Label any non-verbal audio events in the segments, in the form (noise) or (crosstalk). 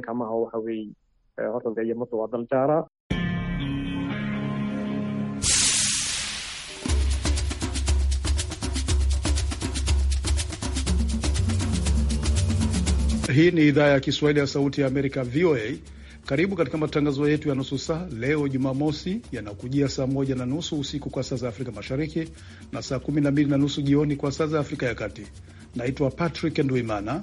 Kama waxaweye horta dee Yemetu waa dal jaara. Hii ni idhaa ya Kiswahili ya Sauti ya Amerika, VOA. Karibu katika matangazo yetu ya nusu saa leo Jumamosi, yanakujia saa moja na nusu usiku kwa saa za Afrika Mashariki na saa kumi na mbili na nusu jioni kwa saa za Afrika ya Kati. Naitwa Patrick Nduimana.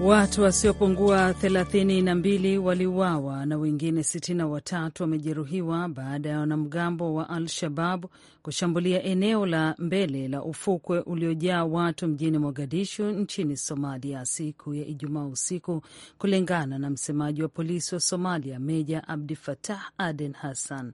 Watu wasiopungua 32 waliuawa na wengine 63 wamejeruhiwa baada ya wanamgambo wa Al Shabab kushambulia eneo la mbele la ufukwe uliojaa watu mjini Mogadishu nchini Somalia siku ya Ijumaa usiku, kulingana na msemaji wa polisi wa Somalia Meja Abdi Fatah Aden Hassan.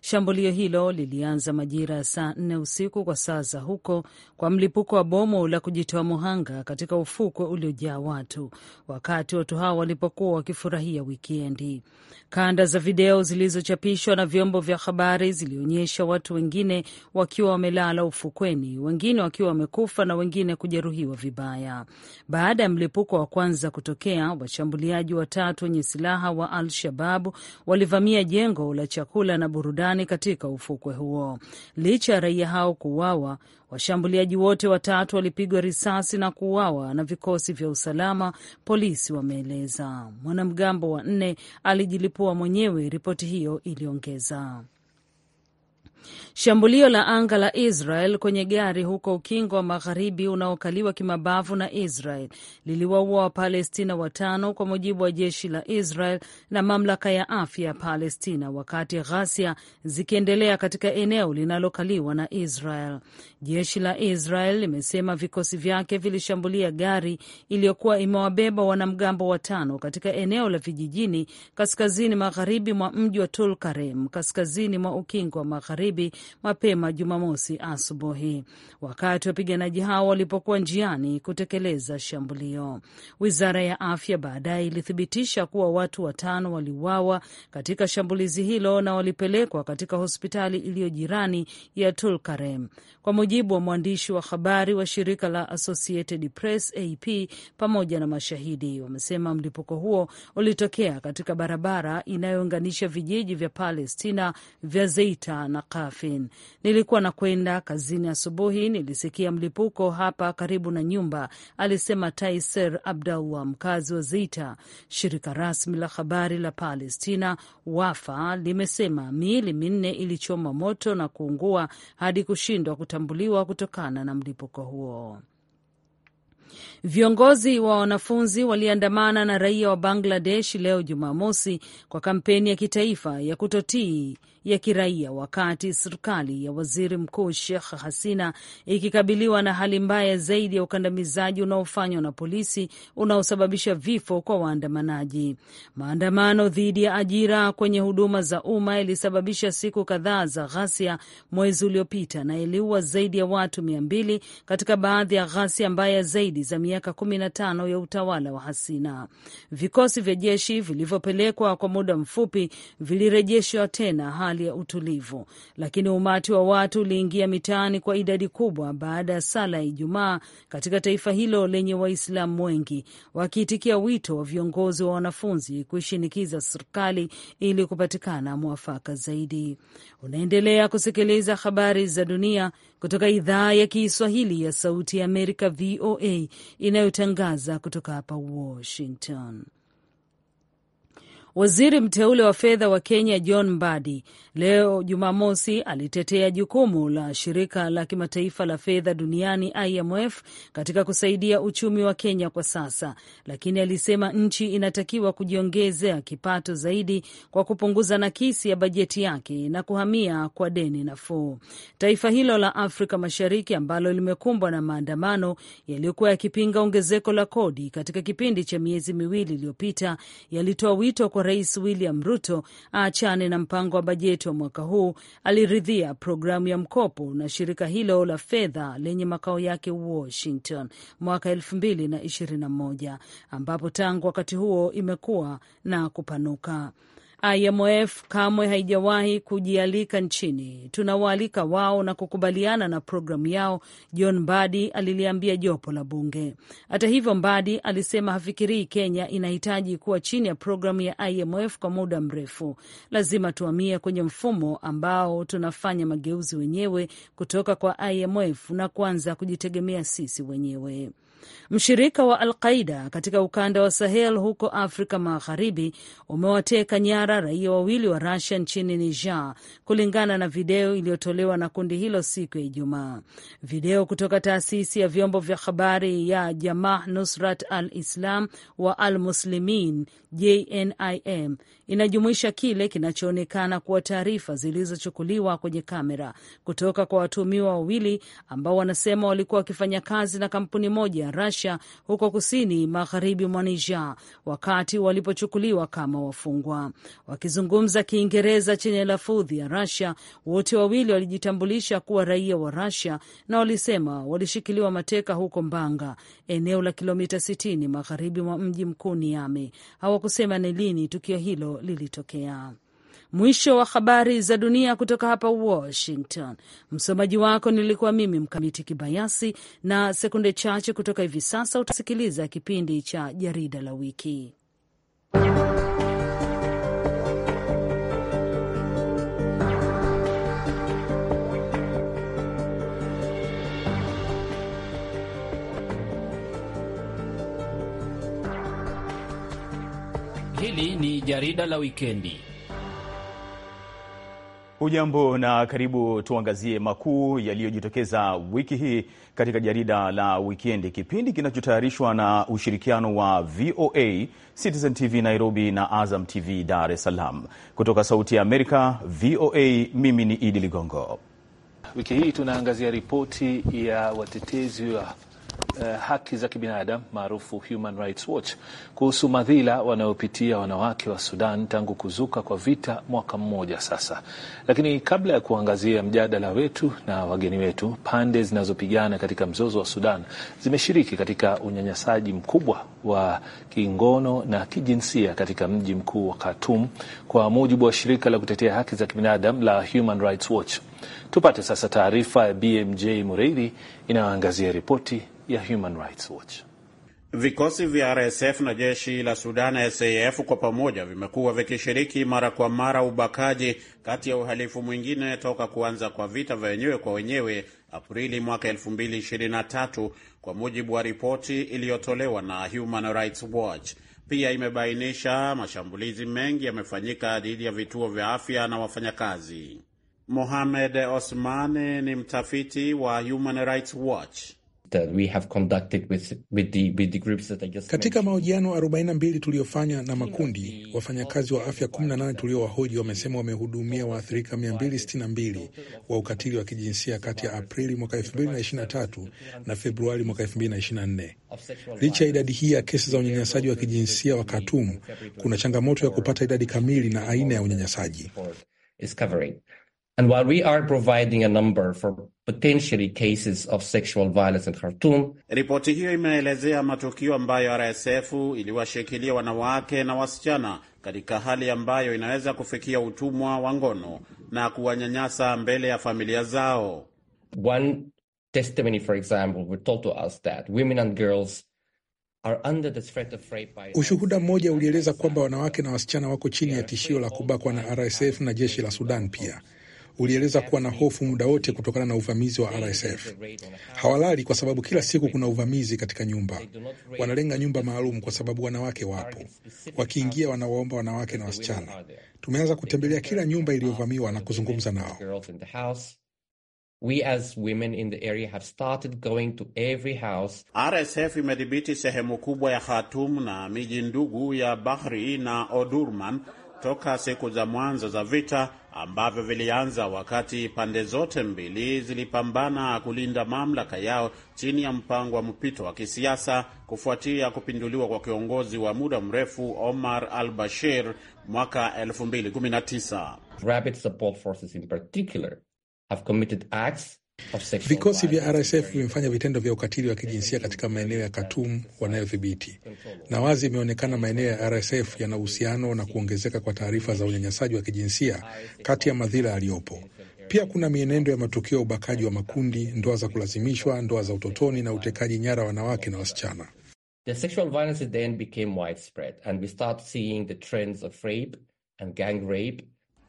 Shambulio hilo lilianza majira ya saa nne usiku kwa saa za huko kwa mlipuko wa bomu la kujitoa muhanga katika ufukwe uliojaa watu, wakati watu hao walipokuwa wakifurahia wikendi. Kanda za video zilizochapishwa na vyombo vya habari zilionyesha watu wengine wakiwa wamelala ufukweni, wengine wakiwa wamekufa na wengine kujeruhiwa vibaya. Baada ya mlipuko wa kwanza kutokea, washambuliaji watatu wenye silaha wa Al Shababu walivamia jengo la chakula na burudani katika ufukwe huo. Licha ya raia hao kuuawa, washambuliaji wote watatu walipigwa risasi na kuuawa na vikosi vya usalama, polisi wameeleza. Mwanamgambo wa nne alijilipua mwenyewe, ripoti hiyo iliongeza. Shambulio la anga la Israel kwenye gari huko ukingo wa magharibi unaokaliwa kimabavu na Israel liliwaua Wapalestina watano kwa mujibu wa jeshi la Israel na mamlaka ya afya ya Palestina, wakati ghasia zikiendelea katika eneo linalokaliwa na Israel. Jeshi la Israel limesema vikosi vyake vilishambulia gari iliyokuwa imewabeba wanamgambo watano katika eneo la vijijini kaskazini magharibi mwa mji wa Tulkarem, kaskazini mwa ukingo wa magharibi Magharibi mapema Jumamosi asubuhi, wakati wapiganaji hao walipokuwa njiani kutekeleza shambulio. Wizara ya afya baadaye ilithibitisha kuwa watu watano waliuawa katika shambulizi hilo na walipelekwa katika hospitali iliyo jirani ya Tulkarem, kwa mujibu wa mwandishi wa habari wa shirika la Associated Press AP pamoja na mashahidi. Wamesema mlipuko huo ulitokea katika barabara inayounganisha vijiji vya Palestina vya Zeita na Afin. Nilikuwa nakwenda kazini asubuhi, nilisikia mlipuko hapa karibu na nyumba, alisema Taiser Abdallah, mkazi wa Zita. Shirika rasmi la habari la Palestina Wafa limesema miili minne ilichoma moto na kuungua hadi kushindwa kutambuliwa kutokana na mlipuko huo. Viongozi wa wanafunzi waliandamana na raia wa Bangladesh leo Jumamosi kwa kampeni ya kitaifa ya kutotii ya kiraia wakati serikali ya waziri mkuu Sheikh Hasina ikikabiliwa na hali mbaya zaidi ya ukandamizaji unaofanywa na polisi unaosababisha vifo kwa waandamanaji. Maandamano dhidi ya ajira kwenye huduma za umma ilisababisha siku kadhaa za ghasia mwezi uliopita na iliua zaidi ya watu mia mbili katika baadhi ya ghasia mbaya zaidi za miaka kumi na tano ya utawala wa Hasina. Vikosi vya jeshi vilivyopelekwa kwa muda mfupi vilirejeshwa tena hali ya utulivu, lakini umati wa watu uliingia mitaani kwa idadi kubwa baada ya sala ya Ijumaa katika taifa hilo lenye Waislamu wengi, wakiitikia wito wa viongozi wa wanafunzi kuishinikiza serikali ili kupatikana mwafaka zaidi. Unaendelea kusikiliza habari za dunia kutoka idhaa ya Kiswahili ya Sauti ya Amerika, VOA, inayotangaza kutoka hapa Washington. Waziri mteule wa fedha wa Kenya John Mbadi leo Jumamosi alitetea jukumu la shirika la kimataifa la fedha duniani IMF katika kusaidia uchumi wa Kenya kwa sasa, lakini alisema nchi inatakiwa kujiongezea kipato zaidi kwa kupunguza nakisi ya bajeti yake na kuhamia kwa deni nafuu. Taifa hilo la Afrika Mashariki ambalo limekumbwa na maandamano yaliyokuwa yakipinga ongezeko la kodi katika kipindi cha miezi miwili iliyopita yalitoa wito kwa Rais William Ruto aachane na mpango wa bajeti wa mwaka huu, aliridhia programu ya mkopo na shirika hilo la fedha lenye makao yake Washington mwaka elfu na ambapo tangu wakati huo imekuwa na kupanuka. IMF kamwe haijawahi kujialika nchini. Tunawaalika wao na kukubaliana na programu yao, John Mbadi aliliambia jopo la bunge. Hata hivyo, Mbadi alisema hafikirii Kenya inahitaji kuwa chini ya programu ya IMF kwa muda mrefu. Lazima tuhamie kwenye mfumo ambao tunafanya mageuzi wenyewe kutoka kwa IMF na kuanza kujitegemea sisi wenyewe. Mshirika wa Alqaida katika ukanda wa Sahel huko Afrika Magharibi umewateka nyara raia wawili wa Rusia nchini Niger, kulingana na video iliyotolewa na kundi hilo siku ya Ijumaa. Video kutoka taasisi ya vyombo vya habari ya Jamah Nusrat al Islam wa al Muslimin, JNIM, inajumuisha kile kinachoonekana kuwa taarifa zilizochukuliwa kwenye kamera kutoka kwa watuhumiwa wawili ambao wanasema walikuwa wakifanya kazi na kampuni moja Russia huko kusini magharibi mwa Niger wakati walipochukuliwa kama wafungwa. Wakizungumza Kiingereza chenye lafudhi ya Russia, wote wawili walijitambulisha kuwa raia wa Russia na walisema walishikiliwa mateka huko Mbanga, eneo la kilomita 60 magharibi mwa mji mkuu Niamey. Hawakusema ni lini tukio hilo lilitokea. Mwisho wa habari za dunia kutoka hapa Washington. Msomaji wako nilikuwa mimi Mkamiti Kibayasi, na sekunde chache kutoka hivi sasa utasikiliza kipindi cha jarida la wiki. Hili ni jarida la wikendi ujambo na karibu, tuangazie makuu yaliyojitokeza wiki hii katika jarida la Wikendi, kipindi kinachotayarishwa na ushirikiano wa VOA, Citizen TV Nairobi na Azam TV Dar es Salaam. Kutoka Sauti ya Amerika VOA, mimi ni Idi Ligongo. Wiki hii tunaangazia ripoti ya watetezi wa uh, haki za kibinadamu maarufu Human Rights Watch kuhusu madhila wanayopitia wanawake wa Sudan tangu kuzuka kwa vita mwaka mmoja sasa. Lakini kabla ya kuangazia mjadala wetu na wageni wetu, pande zinazopigana katika mzozo wa Sudan zimeshiriki katika unyanyasaji mkubwa wa kingono na kijinsia katika mji mkuu wa Khartoum kwa mujibu wa shirika la kutetea haki za kibinadamu la Human Rights Watch. Tupate sasa taarifa ya BMJ Mureidi inayoangazia ripoti ya Human Rights Watch. Vikosi vya RSF na jeshi la Sudan SAF kwa pamoja vimekuwa vikishiriki mara kwa mara ubakaji, kati ya uhalifu mwingine toka kuanza kwa vita vya wenyewe kwa wenyewe Aprili mwaka 2023 kwa mujibu wa ripoti iliyotolewa na Human Rights Watch. Pia imebainisha mashambulizi mengi yamefanyika dhidi ya vituo vya afya na wafanyakazi. Mohamed Osmani ni mtafiti wa Human Rights Watch. Katika mahojiano 42 tuliyofanya na makundi, wafanyakazi wa afya 18 tuliowahoji wamesema wamehudumia waathirika 262 wa ukatili wa kijinsia kati ya Aprili mwaka 2023 na Februari mwaka 2024. Licha ya idadi hii ya kesi za unyanyasaji wa kijinsia wa Khartoum, kuna changamoto ya kupata idadi kamili na aina ya unyanyasaji. And while we are providing a number for potentially cases of sexual violence in Khartoum. Ripoti hiyo imeelezea matukio ambayo RSF iliwashikilia wanawake na wasichana katika hali ambayo inaweza kufikia utumwa wa ngono na kuwanyanyasa mbele ya familia zao. One testimony for example were told to us that women and girls are under the threat of rape by... Ushuhuda mmoja ulieleza kwamba wanawake na wasichana wako chini ya tishio la kubakwa na RSF na jeshi la Sudan pia ulieleza kuwa na hofu muda wote kutokana na uvamizi wa RSF. Hawalali kwa sababu kila siku kuna uvamizi katika nyumba. Wanalenga nyumba maalum kwa sababu wanawake wapo, wakiingia wanawaomba wanawake na wasichana. Tumeanza kutembelea kila nyumba iliyovamiwa na kuzungumza nao. We as women in the area have started going to every house. RSF imedhibiti sehemu kubwa ya Khartoum na miji ndugu ya Bahri na odurman toka siku za mwanzo za vita ambavyo vilianza wakati pande zote mbili zilipambana kulinda mamlaka yao chini ya mpango wa mpito wa kisiasa kufuatia kupinduliwa kwa kiongozi wa muda mrefu Omar al-Bashir mwaka 2019. Vikosi vya RSF vimefanya vitendo vya ukatili wa kijinsia katika maeneo ya katum wanayodhibiti, na wazi imeonekana maeneo ya RSF yana uhusiano na kuongezeka kwa taarifa za unyanyasaji wa kijinsia kati ya madhila yaliyopo. Pia kuna mienendo ya matukio ya ubakaji wa makundi, ndoa za kulazimishwa, ndoa za utotoni na utekaji nyara wanawake na wasichana. The sexual violence then became widespread and we start seeing the trends of rape and gang rape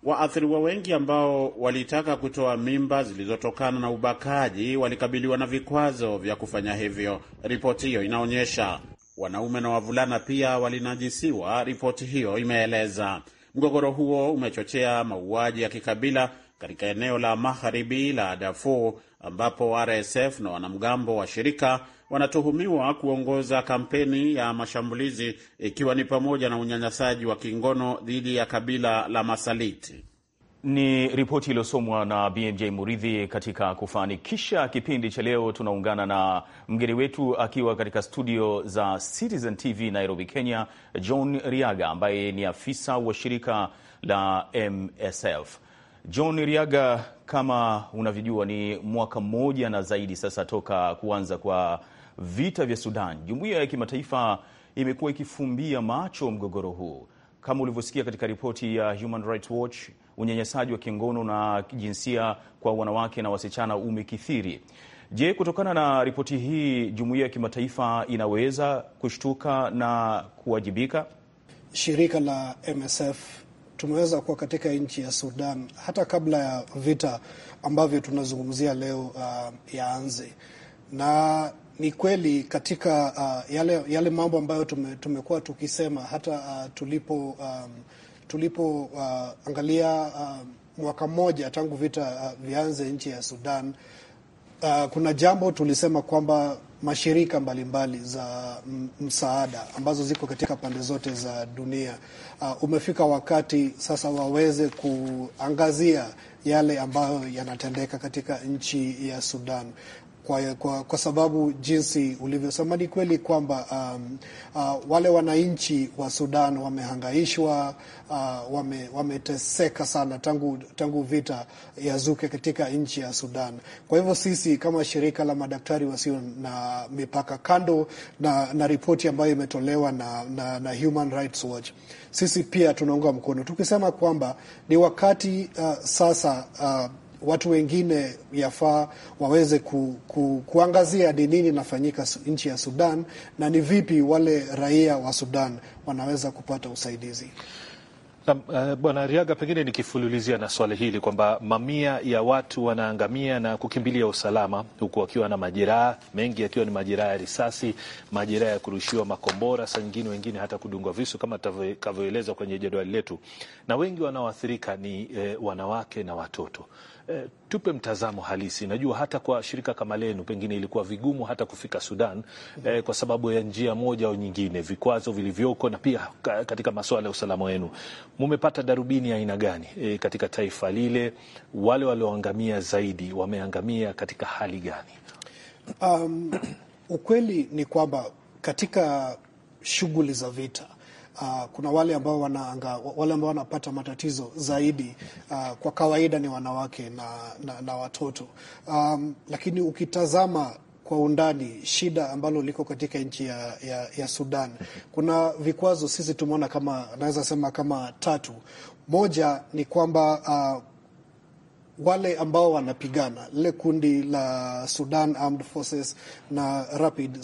Waathiriwa wengi ambao walitaka kutoa mimba zilizotokana na ubakaji walikabiliwa na vikwazo vya kufanya hivyo, ripoti hiyo inaonyesha. Wanaume na wavulana pia walinajisiwa, ripoti hiyo imeeleza. Mgogoro huo umechochea mauaji ya kikabila katika eneo la magharibi la Darfur ambapo RSF na wanamgambo wa shirika wanatuhumiwa kuongoza kampeni ya mashambulizi ikiwa ni pamoja na unyanyasaji wa kingono dhidi ya kabila la Masaliti. Ni ripoti iliyosomwa na BMJ Muridhi. Katika kufanikisha kipindi cha leo, tunaungana na mgeni wetu akiwa katika studio za Citizen TV Nairobi, Kenya, John Riaga ambaye ni afisa wa shirika la MSF. John Riaga, kama unavyojua, ni mwaka mmoja na zaidi sasa toka kuanza kwa vita vya Sudan, jumuiya ya kimataifa imekuwa ikifumbia macho mgogoro huu. Kama ulivyosikia katika ripoti ya Human Rights Watch, unyanyasaji wa kingono na jinsia kwa wanawake na wasichana umekithiri. Je, kutokana na ripoti hii jumuiya ya kimataifa inaweza kushtuka na kuwajibika? Shirika la MSF tumeweza kuwa katika nchi ya Sudan hata kabla ya vita ambavyo tunazungumzia leo uh, yaanze na ni kweli katika uh, yale, yale mambo ambayo tume, tumekuwa tukisema hata uh, tulipo um, tulipoangalia uh, uh, mwaka mmoja tangu vita uh, vianze nchi ya Sudan uh, kuna jambo tulisema kwamba mashirika mbalimbali mbali za msaada ambazo ziko katika pande zote za dunia uh, umefika wakati sasa waweze kuangazia yale ambayo yanatendeka katika nchi ya Sudan kwa, kwa, kwa sababu jinsi ulivyosema ni kweli kwamba um, uh, wale wananchi wa Sudan wamehangaishwa, uh, wame, wameteseka sana tangu, tangu vita yazuke katika nchi ya Sudan. Kwa hivyo sisi kama shirika la madaktari wasio na mipaka kando na, na ripoti ambayo imetolewa na, na, na Human Rights Watch sisi pia tunaunga mkono tukisema kwamba ni wakati uh, sasa uh, watu wengine yafaa waweze ku, ku, kuangazia ni nini inafanyika nchi ya Sudan na ni vipi wale raia wa Sudan wanaweza kupata usaidizi. Na, uh, eh, Bwana Riaga, pengine nikifululizia na swali hili kwamba mamia ya watu wanaangamia na kukimbilia usalama huku wakiwa na majeraha mengi, yakiwa ni majeraha ya risasi, majeraha ya kurushiwa makombora, saa nyingine wengine hata kudungwa visu kama tavyoelezwa kwenye jedwali letu, na wengi wanaoathirika ni eh, wanawake na watoto. Eh, tupe mtazamo halisi. Najua hata kwa shirika kama lenu pengine ilikuwa vigumu hata kufika Sudan E, kwa sababu ya njia moja au nyingine, vikwazo vilivyoko na pia katika masuala ya usalama wenu. Mumepata darubini ya aina gani e, katika taifa lile? Wale walioangamia zaidi wameangamia katika hali gani? Um, (clears throat) ukweli ni kwamba katika shughuli za vita uh, kuna wale ambao wanaanga, wale ambao wanapata matatizo zaidi uh, kwa kawaida ni wanawake na, na, na watoto um, lakini ukitazama kwa undani shida ambalo liko katika nchi ya, ya, ya Sudan, kuna vikwazo sisi tumeona kama naweza sema kama tatu. Moja ni kwamba uh, wale ambao wanapigana lile kundi la Sudan Armed Forces na Rapid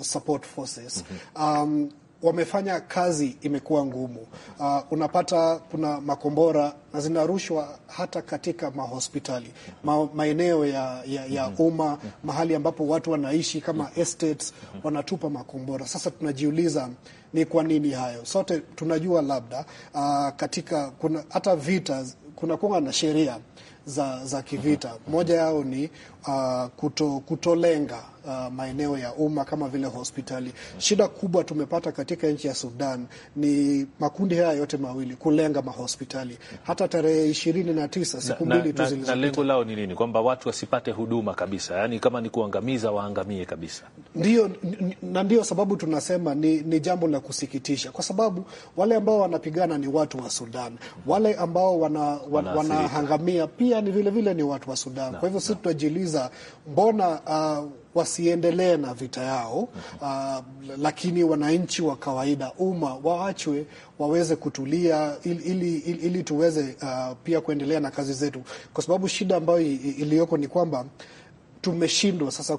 Support Forces mhm. um, wamefanya kazi imekuwa ngumu. Uh, unapata kuna makombora na zinarushwa hata katika mahospitali ma, maeneo ya, ya, ya mhm. umma, mahali ambapo watu wanaishi kama estates, wanatupa makombora. Sasa tunajiuliza ni kwa nini hayo. Sote tunajua labda, uh, katika kuna hata vita kuwa na sheria za, za kivita. Mhm. Moja yao ni uh, kuto, kutolenga uh, maeneo ya umma kama vile hospitali. Shida kubwa tumepata katika nchi ya Sudan ni makundi haya yote mawili kulenga mahospitali. Hata tarehe ishirini na tisa siku mbili tu zilizopita, lengo lao ni nini? Kwamba watu wasipate huduma kabisa, yani kama ni kuangamiza waangamie kabisa. Ndio, na ndio sababu tunasema ni, ni jambo la kusikitisha, kwa sababu wale ambao wanapigana ni watu wa Sudan, wale ambao wanahangamia wana, wana pia ni vilevile vile ni watu wa Sudan na, kwa hivyo sisi tutajiuliza kujiuliza mbona uh, wasiendelee na vita yao uh, lakini wananchi wa kawaida, umma waachwe waweze kutulia ili, ili, ili, ili tuweze uh, pia kuendelea na kazi zetu, kwa sababu shida ambayo iliyoko ni kwamba tumeshindwa sasa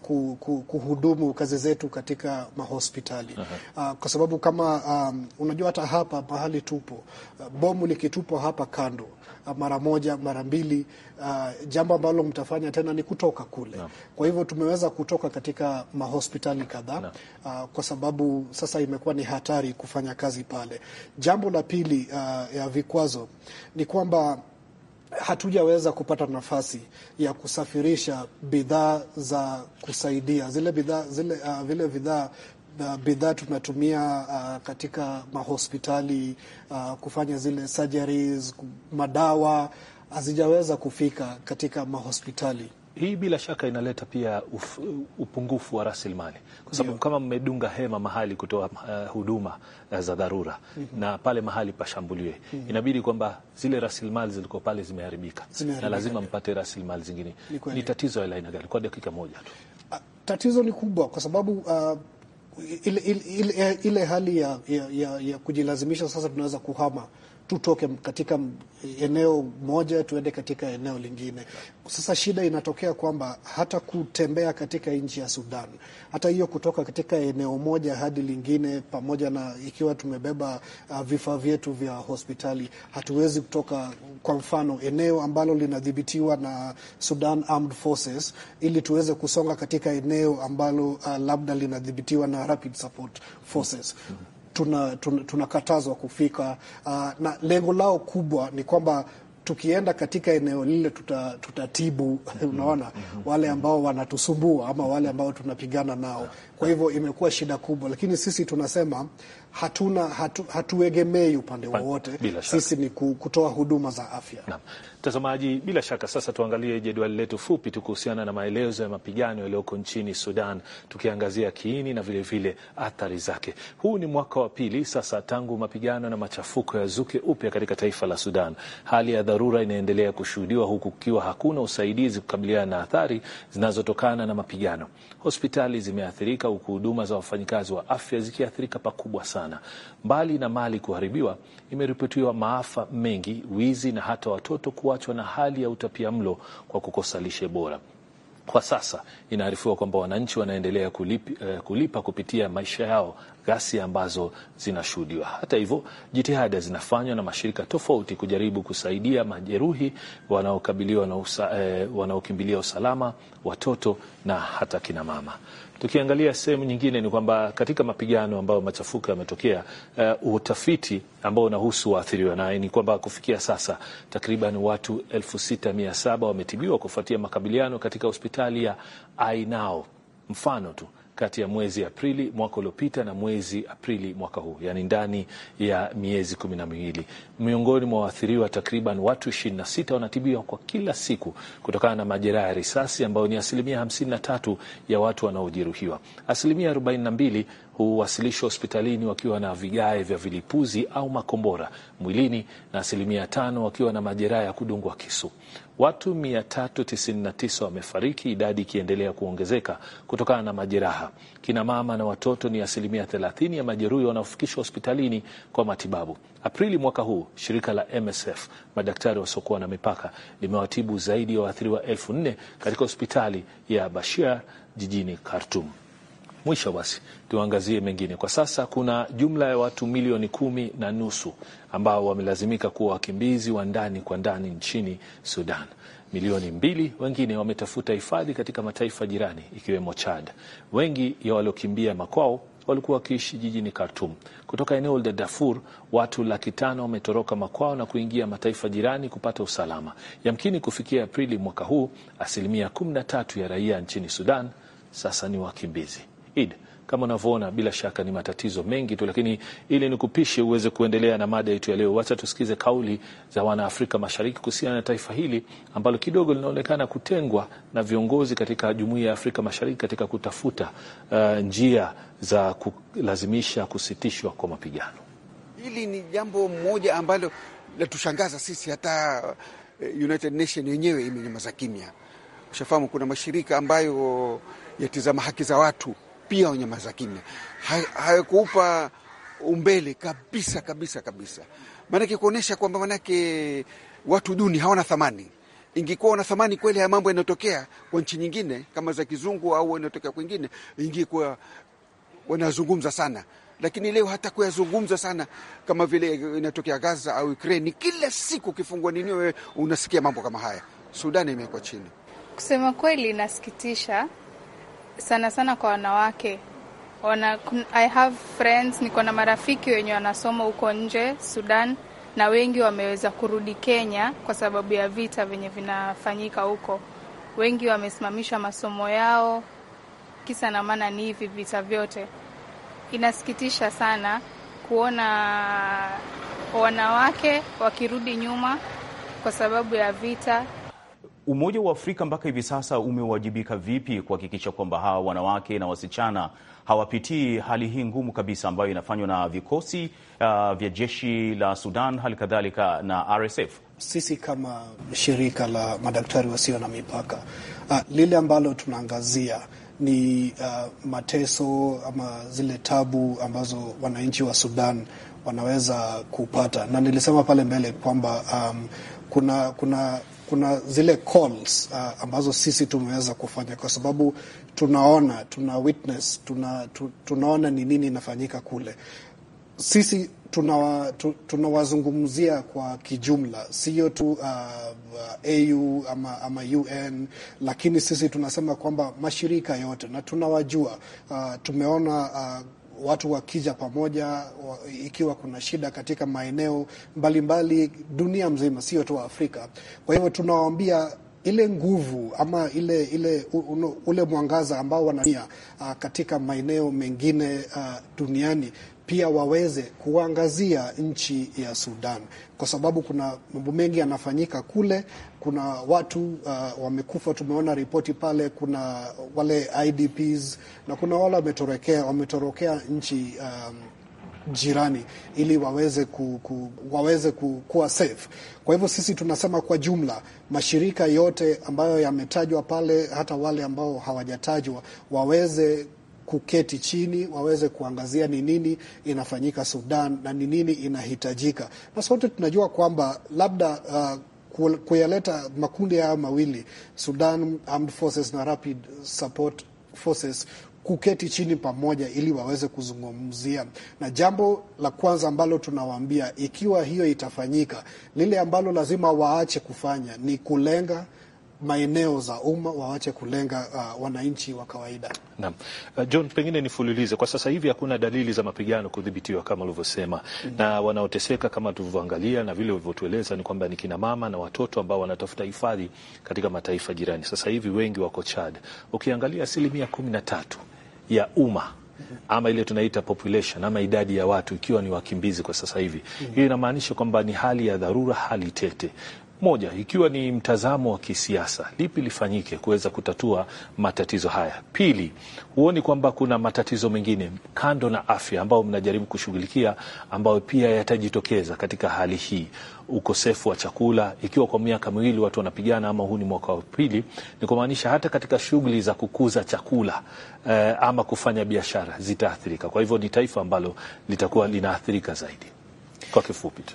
kuhudumu kazi zetu katika mahospitali uh, kwa sababu kama um, unajua hata hapa mahali tupo uh, bomu likitupwa hapa kando Uh, mara moja mara mbili. Uh, jambo ambalo mtafanya tena ni kutoka kule no. Kwa hivyo tumeweza kutoka katika mahospitali kadhaa no. Uh, kwa sababu sasa imekuwa ni hatari kufanya kazi pale. Jambo la pili uh, ya vikwazo ni kwamba hatujaweza kupata nafasi ya kusafirisha bidhaa za kusaidia zile bidhaa zile, uh, vile bidhaa bidhaa tunatumia uh, katika mahospitali uh, kufanya zile surgeries, madawa hazijaweza kufika katika mahospitali. Hii bila shaka inaleta pia uf, upungufu wa rasilimali kwa sababu kama mmedunga hema mahali kutoa uh, huduma uh, za dharura mm -hmm. na pale mahali pashambuliwe mm -hmm. inabidi kwamba zile rasilimali ziliko pale zimeharibika, na lazima mpate rasilimali zingine. Ni tatizo la aina gani? Kwa dakika moja tu, ah, tatizo ni kubwa kwa sababu uh, ile, ile, ile hali ya, ya, ya, ya kujilazimisha sasa tunaweza kuhama tutoke katika eneo moja tuende katika eneo lingine. Sasa shida inatokea kwamba hata kutembea katika nchi ya Sudan, hata hiyo kutoka katika eneo moja hadi lingine, pamoja na ikiwa tumebeba uh, vifaa vyetu vya hospitali, hatuwezi kutoka, kwa mfano, eneo ambalo linadhibitiwa na Sudan Armed Forces ili tuweze kusonga katika eneo ambalo uh, labda linadhibitiwa na Rapid Support Forces. Mm -hmm tunakatazwa tuna, tuna kufika uh, na lengo lao kubwa ni kwamba tukienda katika eneo lile tuta, tutatibu (laughs) unaona, mm-hmm. wale ambao wanatusumbua ama wale ambao tunapigana nao. Kwa hivyo imekuwa shida kubwa, lakini sisi tunasema hatuna hatu, hatuegemei upande wowote. Sisi ni kutoa huduma za afya. na. mtazamaji, bila shaka sasa tuangalie jedwali letu fupi tu kuhusiana na maelezo ya mapigano yaliyoko nchini Sudan, tukiangazia kiini na vilevile athari zake. Huu ni mwaka wa pili sasa tangu mapigano na machafuko yazuke upya katika taifa la Sudan. Hali ya dharura inaendelea kushuhudiwa huku kukiwa hakuna usaidizi kukabiliana na athari zinazotokana na mapigano. Hospitali zimeathirika au huduma za wafanyikazi wa afya zikiathirika pakubwa sana. Mbali na mali kuharibiwa, imeripotiwa maafa mengi, wizi na hata watoto kuachwa na hali ya utapia mlo kwa kukosa lishe bora. Kwa sasa inaarifiwa kwamba wananchi wanaendelea kulipa, uh, eh, kulipa kupitia maisha yao ghasia ambazo zinashuhudiwa. Hata hivyo, jitihada zinafanywa na mashirika tofauti kujaribu kusaidia majeruhi wanaokabiliwa na usa, eh, wanaokimbilia usalama, watoto na hata kina mama. Tukiangalia sehemu nyingine ni kwamba katika mapigano ambayo machafuko yametokea, uh, utafiti ambao unahusu waathiriwa naye ni kwamba kufikia sasa takriban watu 67 wametibiwa kufuatia makabiliano katika hospitali ya Ainao. Mfano tu kati ya mwezi Aprili mwaka uliopita na mwezi Aprili mwaka huu, yani ndani ya miezi kumi na miwili. Miongoni mwa waathiriwa takriban watu 26 wanatibiwa kwa kila siku kutokana na majeraha ya risasi ambayo ni asilimia 53 ya watu wanaojeruhiwa. Asilimia 42 huwasilishwa hospitalini wakiwa na vigae vya vilipuzi au makombora mwilini na asilimia tano wakiwa na majeraha ya kudungwa kisu. Watu 399 wamefariki, idadi ikiendelea kuongezeka kutokana na majeraha. Kina mama na watoto ni asilimia 30 ya majeruhi wanaofikishwa hospitalini kwa matibabu. Aprili mwaka huu shirika la MSF madaktari wasiokuwa na mipaka limewatibu zaidi ya waathiriwa elfu nne katika hospitali ya Bashir jijini Khartum. Mwisho basi tuangazie mengine. Kwa sasa kuna jumla ya watu milioni kumi na nusu ambao wamelazimika kuwa wakimbizi wa ndani kwa ndani nchini Sudan. Milioni mbili wengine wametafuta hifadhi katika mataifa jirani ikiwemo Chad. Wengi ya waliokimbia makwao walikuwa wakiishi jijini Khartoum. Kutoka eneo la Darfur watu laki tano wametoroka makwao na kuingia mataifa jirani kupata usalama. Yamkini kufikia Aprili mwaka huu asilimia 13 ya raia nchini Sudan sasa ni wakimbizi. Eid, kama unavyoona, bila shaka ni matatizo mengi tu, lakini ili nikupishe uweze kuendelea na mada yetu ya leo, wacha tusikize kauli za Wanaafrika Mashariki kuhusiana na taifa hili ambalo kidogo linaonekana kutengwa na viongozi katika Jumuiya ya Afrika Mashariki katika kutafuta uh, njia za kulazimisha kusitishwa kwa mapigano. Hili ni jambo moja ambalo latushangaza sisi, hata uh, United Nation yenyewe imenyamaza kimya. Ushafahamu kuna mashirika ambayo yatizama haki za watu pia wanyamaza kimya, hayakuupa umbele kabisa kabisa kabisa, maanake kuonyesha kwamba manake watu duni hawana thamani. Ingekuwa wana thamani kweli, haya mambo yanayotokea kwa nchi nyingine kama za kizungu au yanayotokea kwingine, ingekuwa wanazungumza sana lakini leo hata kuyazungumza sana kama vile inatokea Gaza au Ukraini. Kila siku ukifungua nini, wewe unasikia mambo kama haya. Sudani imewekwa chini, kusema kweli inasikitisha, sana sana kwa wanawake wana, I have friends, niko na marafiki wenye wanasoma huko nje Sudan, na wengi wameweza kurudi Kenya kwa sababu ya vita vyenye vinafanyika huko. Wengi wamesimamisha masomo yao, kisa na maana ni hivi vita vyote. Inasikitisha sana kuona wanawake wakirudi nyuma kwa sababu ya vita Umoja wa Afrika mpaka hivi sasa umewajibika vipi kuhakikisha kwamba hawa wanawake na wasichana hawapitii hali hii ngumu kabisa ambayo inafanywa na vikosi uh, vya jeshi la Sudan, hali kadhalika na RSF? Sisi kama shirika la madaktari wasio na mipaka uh, lile ambalo tunaangazia ni uh, mateso ama zile tabu ambazo wananchi wa Sudan wanaweza kupata, na nilisema pale mbele kwamba um, kuna kuna kuna zile calls uh, ambazo sisi tumeweza kufanya kwa sababu tunaona tuna witness tuna, tu, tunaona ni nini inafanyika kule. Sisi tunawazungumzia tuna kwa kijumla, sio tu uh, AU ama, ama UN, lakini sisi tunasema kwamba mashirika yote na tunawajua uh, tumeona uh, watu wakija pamoja, ikiwa kuna shida katika maeneo mbalimbali dunia mzima, sio tu Afrika. Kwa hivyo tunawaambia ile nguvu ama ile, ile ule mwangaza ambao wanania uh, katika maeneo mengine a, uh, duniani pia waweze kuangazia nchi ya Sudan kwa sababu kuna mambo mengi yanafanyika kule kuna watu uh, wamekufa, tumeona ripoti pale, kuna wale IDPs na kuna wale wametorokea, wametorokea nchi um, jirani ili waweze, ku, ku, waweze ku, kuwa safe. Kwa hivyo sisi tunasema kwa jumla mashirika yote ambayo yametajwa pale, hata wale ambao hawajatajwa waweze kuketi chini waweze kuangazia ni nini inafanyika Sudan na ni nini inahitajika, na sote tunajua kwamba labda uh, kuyaleta makundi haya mawili Sudan Armed Forces na Rapid Support Forces kuketi chini pamoja ili waweze kuzungumzia. Na jambo la kwanza ambalo tunawaambia, ikiwa hiyo itafanyika, lile ambalo lazima waache kufanya ni kulenga maeneo za umma waache kulenga uh, wananchi wa kawaida. Naam. Uh, John, pengine nifululize, kwa sasa hivi hakuna dalili za mapigano kudhibitiwa kama ulivyosema, mm -hmm. na wanaoteseka kama tulivyoangalia na vile ulivyotueleza ni kwamba ni kina mama na watoto ambao wanatafuta hifadhi katika mataifa jirani. Sasa hivi wengi wako Chad, ukiangalia asilimia kumi na tatu ya umma mm-hmm. ama ile tunaita population ama idadi ya watu ikiwa ni wakimbizi kwa sasa hivi. Mm-hmm. Hiyo inamaanisha kwamba ni hali ya dharura, hali tete. Moja ikiwa ni mtazamo wa kisiasa, lipi lifanyike kuweza kutatua matatizo haya? Pili, huoni kwamba kuna matatizo mengine kando na afya ambayo mnajaribu kushughulikia ambayo pia yatajitokeza katika hali hii? Ukosefu wa chakula, ikiwa kwa miaka miwili watu wanapigana, ama huu ni mwaka wa pili, ni kumaanisha hata katika shughuli za kukuza chakula eh, ama kufanya biashara zitaathirika. Kwa hivyo ni taifa ambalo litakuwa linaathirika zaidi. Kwa kifupi tu.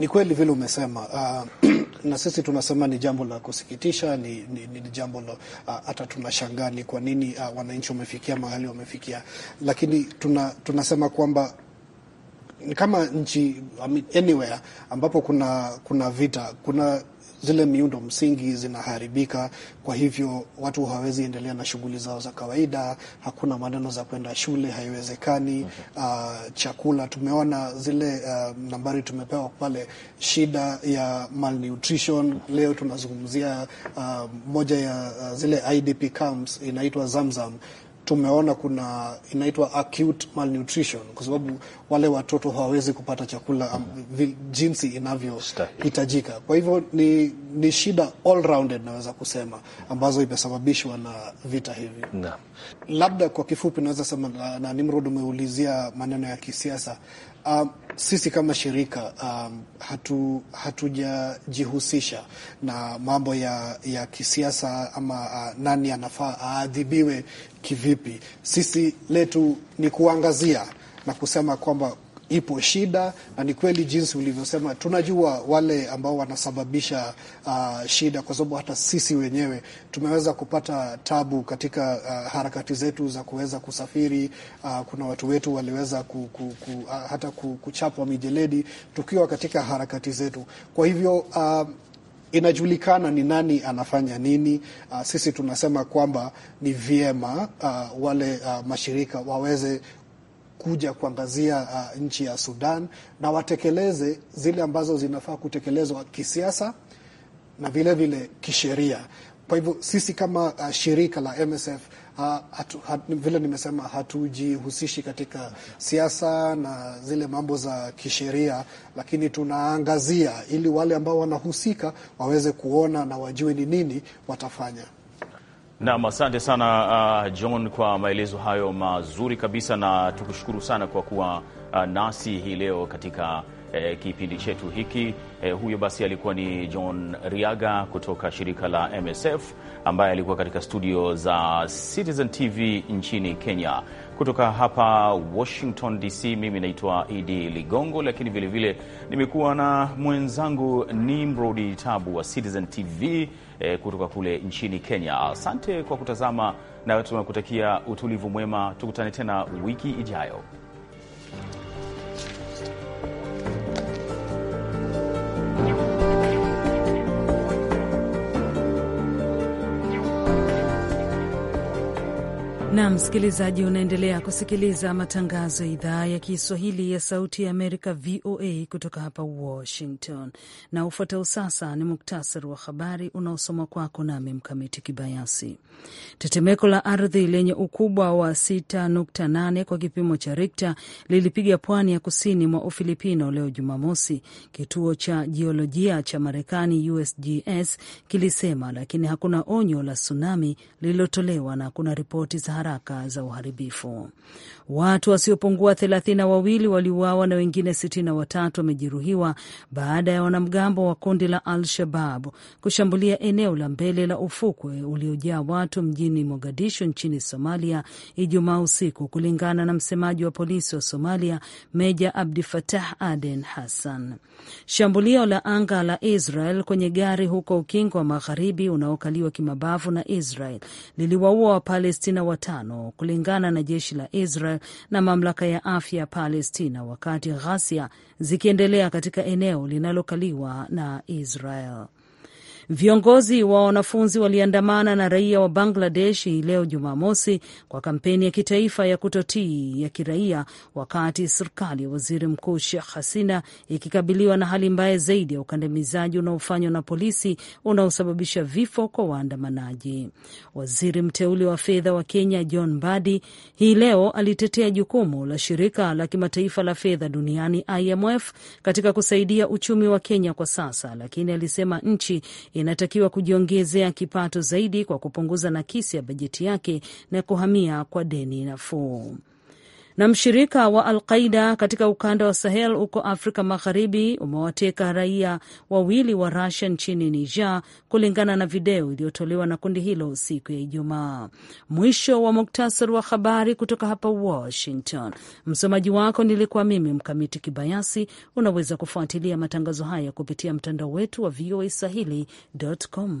Ni kweli vile umesema uh, (clears throat) na sisi tunasema ni jambo la kusikitisha, ni, ni, ni jambo la ah, hata uh, tunashangaa ni kwa nini uh, wananchi wamefikia mahali wamefikia, lakini tuna, tunasema kwamba kama nchi anywhere ambapo kuna kuna vita kuna zile miundo msingi zinaharibika, kwa hivyo watu hawawezi endelea na shughuli zao za kawaida. Hakuna maneno za kwenda shule, haiwezekani. Uh, chakula tumeona zile uh, nambari tumepewa pale, shida ya malnutrition. Leo tunazungumzia uh, moja ya uh, zile IDP camps inaitwa Zamzam tumeona kuna inaitwa acute malnutrition kwa sababu wale watoto hawawezi kupata chakula um, jinsi inavyohitajika. Kwa hivyo ni, ni shida all rounded naweza kusema ambazo imesababishwa na vita hivi na. Labda kwa kifupi naweza sema na, na Nimrod umeulizia maneno ya kisiasa Um, sisi kama shirika um, hatu hatujajihusisha na mambo ya, ya kisiasa ama uh, nani anafaa aadhibiwe kivipi. Sisi letu ni kuangazia na kusema kwamba ipo shida, na ni kweli jinsi ulivyosema, tunajua wale ambao wanasababisha uh, shida, kwa sababu hata sisi wenyewe tumeweza kupata tabu katika uh, harakati zetu za kuweza kusafiri. Uh, kuna watu wetu waliweza ku, ku, ku, uh, hata kuchapwa mijeledi tukiwa katika harakati zetu, kwa hivyo uh, inajulikana ni nani anafanya nini. Uh, sisi tunasema kwamba ni vyema uh, wale uh, mashirika waweze kuja kuangazia uh, nchi ya Sudan na watekeleze zile ambazo zinafaa kutekelezwa kisiasa na vile vile kisheria. Kwa hivyo sisi kama uh, shirika la MSF uh, hatu, hat, vile nimesema hatujihusishi katika siasa na zile mambo za kisheria, lakini tunaangazia ili wale ambao wanahusika waweze kuona na wajue ni nini watafanya. Nam, asante sana uh, John kwa maelezo hayo mazuri kabisa, na tukushukuru sana kwa kuwa uh, nasi hii leo katika uh, kipindi chetu hiki. Uh, huyo basi alikuwa ni John Riaga kutoka shirika la MSF ambaye alikuwa katika studio za Citizen TV nchini Kenya. Kutoka hapa Washington DC, mimi naitwa Idi Ligongo, lakini vilevile nimekuwa na mwenzangu Nimrodi Tabu wa Citizen TV e, kutoka kule nchini Kenya. Asante kwa kutazama nawe tunakutakia utulivu mwema, tukutane tena wiki ijayo. na msikilizaji, unaendelea kusikiliza matangazo ya idhaa ya Kiswahili ya Sauti ya Amerika, VOA, kutoka hapa Washington. Na ufuatao sasa ni muktasari wa habari unaosoma kwako nami Mkamiti Kibayasi. Tetemeko la ardhi lenye ukubwa wa 6.8 kwa kipimo cha Rikta lilipiga pwani ya kusini mwa Ufilipino leo Jumamosi, kituo cha jiolojia cha Marekani USGS kilisema, lakini hakuna onyo la tsunami lililotolewa na hakuna ripoti za haraka za uharibifu. Watu wasiopungua thelathini na wawili waliuawa na wengine sitini na watatu wamejeruhiwa baada ya wanamgambo wa kundi la Al-Shabab kushambulia eneo la mbele la ufukwe uliojaa watu mjini Mogadishu nchini Somalia Ijumaa usiku, kulingana na msemaji wa polisi wa Somalia Meja Abdi Fatah Aden Hassan. Shambulio la anga la Israel kwenye gari huko Ukingo wa Magharibi unaokaliwa kimabavu na Israel liliwaua Wapalestina watano kulingana na jeshi la Israel na mamlaka ya afya ya Palestina wakati ghasia zikiendelea katika eneo linalokaliwa na Israel. Viongozi wa wanafunzi waliandamana na raia wa Bangladesh hii leo Jumamosi kwa kampeni ya kitaifa ya kutotii ya kiraia, wakati serikali ya waziri mkuu Sheikh Hasina ikikabiliwa na hali mbaya zaidi ya ukandamizaji unaofanywa na polisi unaosababisha vifo kwa waandamanaji. Waziri mteule wa fedha wa Kenya John Mbadi hii leo alitetea jukumu la shirika la kimataifa la fedha duniani IMF katika kusaidia uchumi wa Kenya kwa sasa, lakini alisema nchi inatakiwa kujiongezea kipato zaidi kwa kupunguza nakisi ya bajeti yake na kuhamia kwa deni nafuu na mshirika wa Alqaida katika ukanda wa Sahel huko Afrika Magharibi umewateka raia wawili wa Rusia nchini Niger, kulingana na video iliyotolewa na kundi hilo siku ya Ijumaa. Mwisho wa muktasari wa habari kutoka hapa Washington. Msomaji wako nilikuwa mimi Mkamiti Kibayasi. Unaweza kufuatilia matangazo haya kupitia mtandao wetu wa VOA Swahili.com.